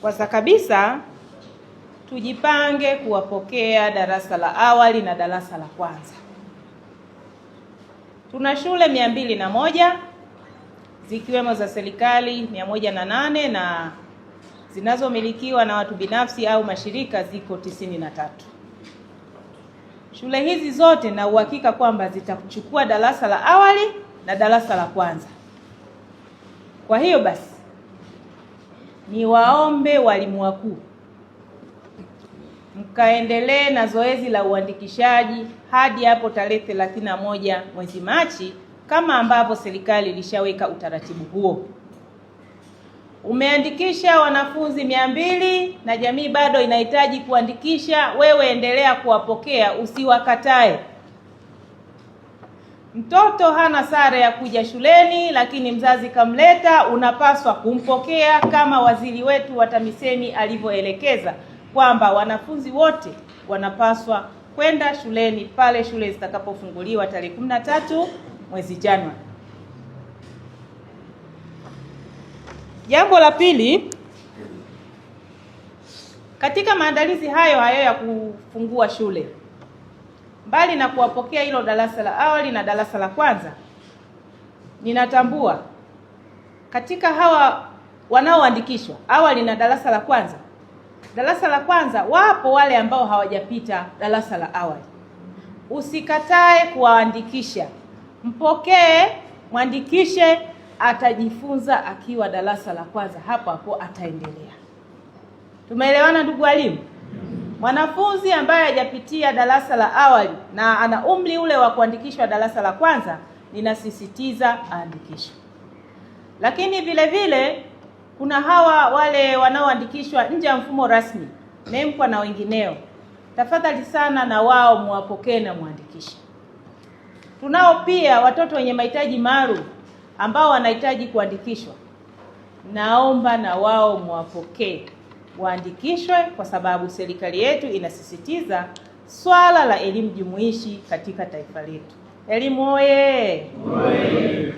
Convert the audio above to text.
Kwanza kabisa tujipange kuwapokea darasa la awali na darasa la kwanza. Tuna shule mia mbili na moja zikiwemo za serikali mia moja na nane na zinazomilikiwa na watu binafsi au mashirika ziko tisini na tatu. Shule hizi zote na uhakika kwamba zitachukua darasa la awali na darasa la kwanza. Kwa hiyo basi niwaombe walimu wakuu mkaendelee na zoezi la uandikishaji hadi hapo tarehe 31 mwezi Machi kama ambavyo serikali ilishaweka utaratibu huo. Umeandikisha wanafunzi mia mbili na jamii bado inahitaji kuandikisha. Wewe endelea kuwapokea, usiwakatae. Mtoto hana sare ya kuja shuleni, lakini mzazi kamleta, unapaswa kumpokea kama waziri wetu wa TAMISEMI alivyoelekeza kwamba wanafunzi wote wanapaswa kwenda shuleni pale shule zitakapofunguliwa tarehe 13 mwezi Januari. Jambo la pili, katika maandalizi hayo hayo ya kufungua shule Mbali na kuwapokea hilo darasa la awali na darasa la kwanza, ninatambua katika hawa wanaoandikishwa awali na darasa la kwanza, darasa la kwanza wapo wale ambao hawajapita darasa la awali. Usikatae kuwaandikisha, mpokee, mwandikishe, atajifunza akiwa darasa la kwanza, hapo hapo ataendelea. Tumeelewana ndugu walimu? Mwanafunzi ambaye hajapitia darasa la awali na ana umri ule wa kuandikishwa darasa la kwanza, ninasisitiza aandikishwe. Lakini vile vile kuna hawa wale wanaoandikishwa nje ya mfumo rasmi MEMKWA na wengineo, tafadhali sana, na wao muwapokee na muandikishe. Tunao pia watoto wenye mahitaji maalum ambao wanahitaji kuandikishwa, naomba na wao muwapokee waandikishwe kwa sababu serikali yetu inasisitiza swala la elimu jumuishi katika taifa letu. Elimu oye! Oye!